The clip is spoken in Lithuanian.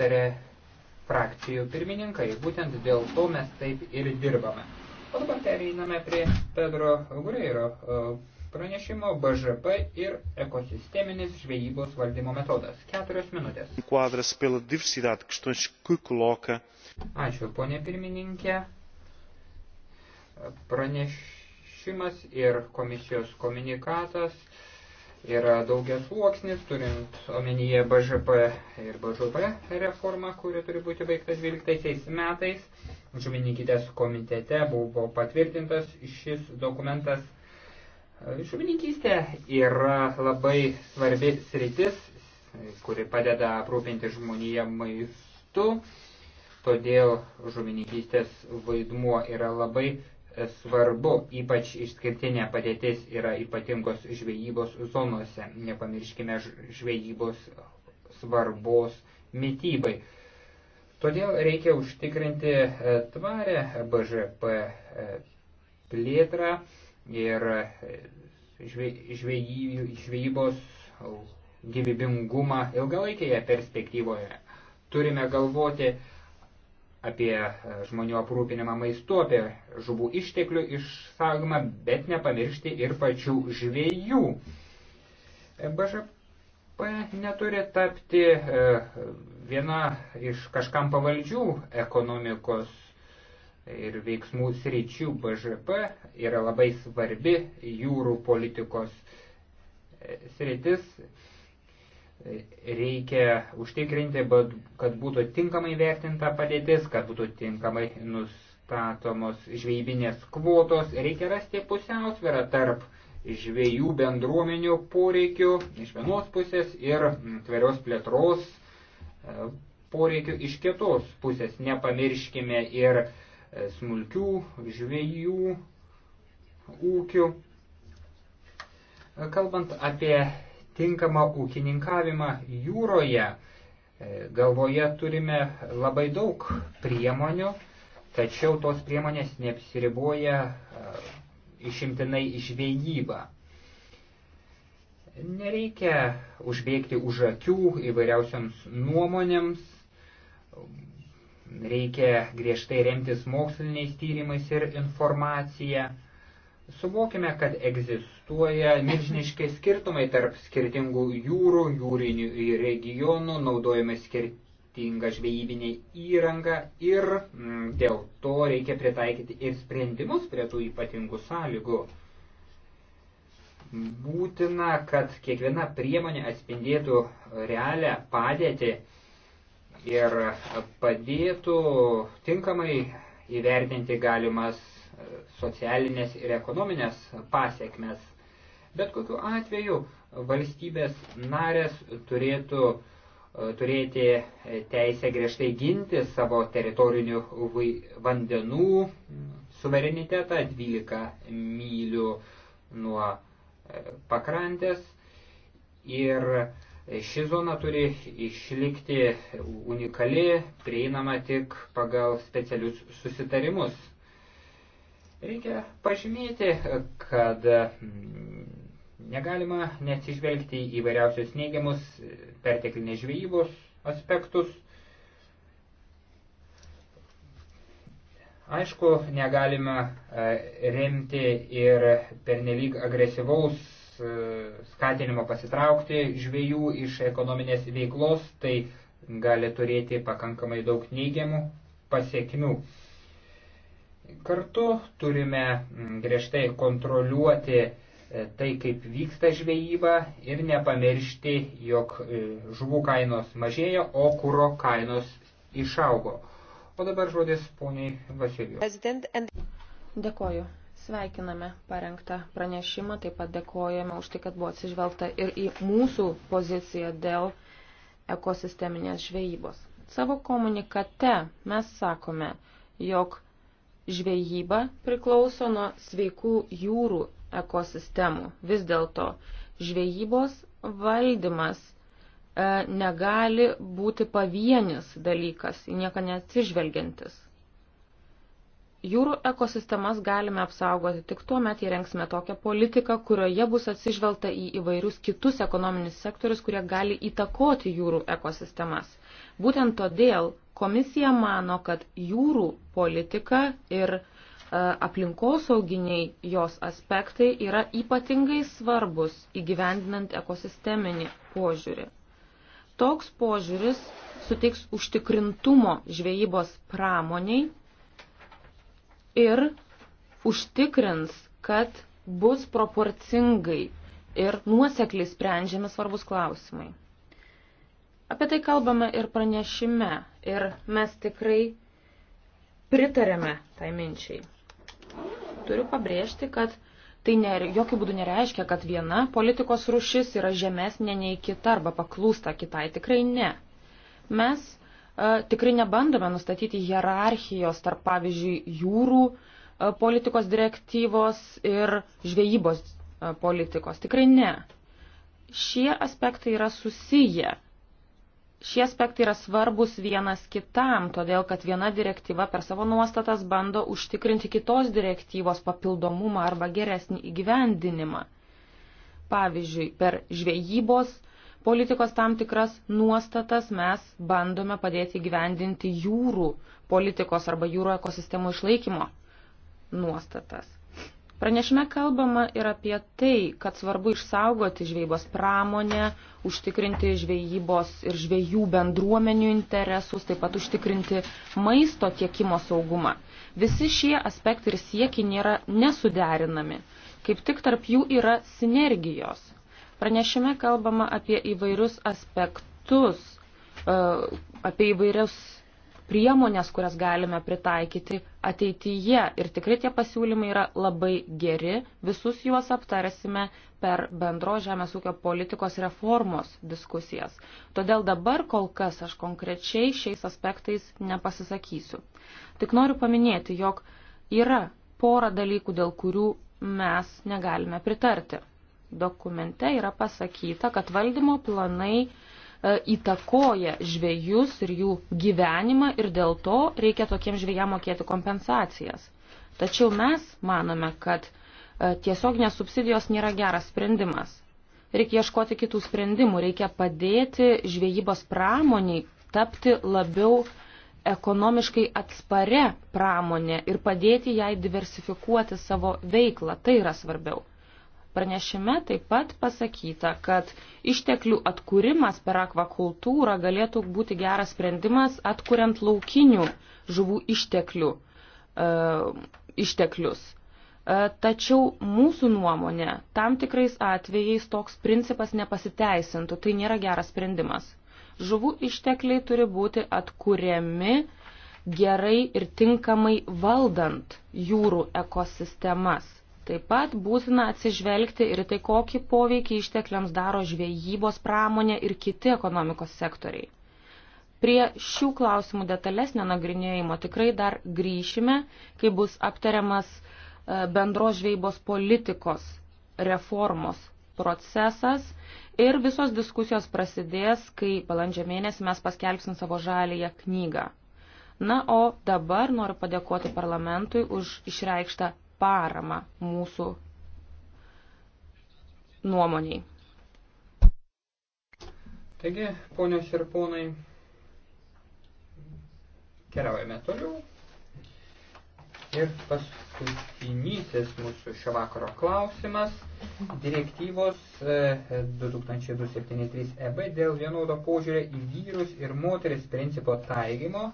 sutarė frakcijų pirmininkai. Būtent dėl to mes taip ir dirbame. O dabar pereiname prie Pedro Gureiro e, pranešimo BŽP ir ekosisteminis žvejybos valdymo metodas. Keturios minutės. Quadras pela diversidade questões que coloca. Ačiū, ponė pirmininkė. Pranešimas ir komisijos komunikatas yra daugias sluoksnis, turint omenyje BŽP ir BŽP reformą, kuri turi būti baigta 12 metais. Žuvininkitės komitete buvo patvirtintas šis dokumentas. Žuvininkystė yra labai svarbi sritis, kuri padeda aprūpinti žmoniją maistu, todėl žuvininkystės vaidmuo yra labai svarbu, ypač išskirtinė padėtis yra ypatingos žvejybos zonose. Nepamirškime žvejybos svarbos mytybai. Todėl reikia užtikrinti e, tvarę BŽP e, plėtrą ir e, žvejybos gyvybingumą ilgalaikėje perspektyvoje. Turime galvoti, apie e, žmonių aprūpinimą maistu, apie žuvų išteklių išsaugimą, bet nepamiršti ir pačių žvėjų. E, BŽP neturi tapti e, viena iš kažkam pavaldžių ekonomikos ir veiksmų sričių. BŽP yra labai svarbi jūrų politikos sritis reikia užtikrinti, kad būtų tinkamai vertinta padėtis, kad būtų tinkamai nustatomos žvejybinės kvotos, reikia rasti pusiausvyrą tarp žvejų bendruomenių poreikių iš vienos pusės ir mm, tvarios plėtros e, poreikių iš kitos pusės. Nepamirškime ir e, smulkių žvejų ūkių. Kalbant apie tinkamą ūkininkavimą jūroje. E, galvoje turime labai daug priemonių, tačiau tos priemonės neapsiriboja e, išimtinai žvejybą. Nereikia užbėgti už akių įvairiausiams nuomonėms, reikia griežtai remtis moksliniais tyrimais ir informacija. Suvokime, kad egzistuoja milžiniški skirtumai tarp skirtingų jūrų, jūrinių regionų, naudojame skirtingą žvejybinę įrangą ir m, mm, dėl to reikia pritaikyti ir sprendimus prie tų ypatingų sąlygų. Būtina, kad kiekviena priemonė atspindėtų realią padėtį ir padėtų tinkamai įvertinti galimas socialinės ir ekonominės pasiekmes. Bet kokiu atveju valstybės narės turėtų e, turėti teisę griežtai ginti savo teritorinių vandenų suverenitetą 12 mylių nuo e, pakrantės ir ši zona turi išlikti unikali, prieinama tik pagal specialius susitarimus. Reikia pažymėti, kad mm, negalima nesižvelgti į vairiausius neigiamus perteklinės žvejybos aspektus. Aišku, negalima e, remti ir pernelyg agresyvaus e, skatinimo pasitraukti žvėjų iš ekonominės veiklos, tai gali turėti pakankamai daug neigiamų pasiekmių. Kartu turime mm, griežtai kontroliuoti e, tai, kaip vyksta žvejyba ir nepamiršti, jog e, žuvų kainos mažėjo, o kūro kainos išaugo. O dabar žodis poniai Vasilijų. Dėkoju. Sveikiname parengtą pranešimą, taip pat dėkojame už tai, kad buvo atsižvelgta ir į mūsų poziciją dėl ekosisteminės žvejybos. Savo komunikate mes sakome, jog žvejyba priklauso nuo sveikų jūrų ekosistemų. Vis dėlto žvejybos valdymas e, negali būti pavienis dalykas, nieko neatsižvelgiantis. Jūrų ekosistemas galime apsaugoti tik tuo met įrengsime tokią politiką, kurioje bus atsižvelgta į įvairius kitus ekonominius sektorius, kurie gali įtakoti jūrų ekosistemas. Būtent todėl komisija mano, kad jūrų politika ir e, aplinkosauginiai jos aspektai yra ypatingai svarbus įgyvendinant ekosisteminį požiūrį. Toks požiūris suteiks užtikrintumo žvejybos pramoniai ir užtikrins, kad bus proporcingai ir nuosekliai sprendžiami svarbus klausimai. Apie tai kalbame ir pranešime, ir mes tikrai pritarėme tai minčiai. Turiu pabrėžti, kad tai ne, jokių būdų nereiškia, kad viena politikos rušis yra žemesnė nei kita arba paklūsta kitai. Tikrai ne. Mes E, tikrai nebandome nustatyti hierarchijos tarp, pavyzdžiui, jūrų e, politikos direktyvos ir žvejybos e, politikos. Tikrai ne. Šie aspektai yra susiję. Šie aspektai yra svarbus vienas kitam, todėl kad viena direktyva per savo nuostatas bando užtikrinti kitos direktyvos papildomumą arba geresnį įgyvendinimą. Pavyzdžiui, per žvejybos politikos tam tikras nuostatas mes bandome padėti gyvendinti jūrų politikos arba jūrų ekosistemų išlaikymo nuostatas. Pranešime kalbama ir apie tai, kad svarbu išsaugoti žvejybos pramonę, užtikrinti žvejybos ir žvejų bendruomenių interesus, taip pat užtikrinti maisto tiekimo saugumą. Visi šie aspektai ir siekiai nėra nesuderinami, kaip tik tarp jų yra sinergijos. Pranešime kalbama apie įvairius aspektus, e, apie įvairius priemonės, kurias galime pritaikyti ateityje. Ir tikrai tie pasiūlymai yra labai geri. Visus juos aptarsime per bendro žemės ūkio politikos reformos diskusijas. Todėl dabar kol kas aš konkrečiai šiais aspektais nepasisakysiu. Tik noriu paminėti, jog yra pora dalykų, dėl kurių mes negalime pritarti dokumente yra pasakyta, kad valdymo planai e, įtakoja žvėjus ir jų gyvenimą ir dėl to reikia tokiems žvėjams mokėti kompensacijas. Tačiau mes manome, kad e, tiesioginės subsidijos nėra geras sprendimas. Reikia ieškoti kitų sprendimų, reikia padėti žvėjybos pramoniai tapti labiau ekonomiškai atsparia pramonė ir padėti jai diversifikuoti savo veiklą. Tai yra svarbiau. Pranešime taip pat pasakyta, kad išteklių atkūrimas per akvakultūrą galėtų būti geras sprendimas atkuriant laukinių žuvų išteklių, e, išteklius. E, tačiau mūsų nuomonė, tam tikrais atvejais toks principas nepasiteisintų, tai nėra geras sprendimas. Žuvų ištekliai turi būti atkuriami gerai ir tinkamai valdant jūrų ekosistemas Taip pat būtina atsižvelgti ir tai, kokį poveikį ištekliams daro žvejybos pramonė ir kiti ekonomikos sektoriai. Prie šių klausimų detalesnio nagrinėjimo tikrai dar grįšime, kai bus aptariamas e, bendros žvejybos politikos reformos procesas ir visos diskusijos prasidės, kai balandžio mėnesį mes paskelbsim savo žalėje knygą. Na, o dabar noriu padėkoti parlamentui už išreikštą paramą mūsų nuomoniai. Taigi, ponios ir ponai, keliaujame toliau. Ir paskutinysis mūsų šio vakaro klausimas - direktyvos 2273 e, EB dėl vienodo požiūrio į vyrus ir moteris principo taikymo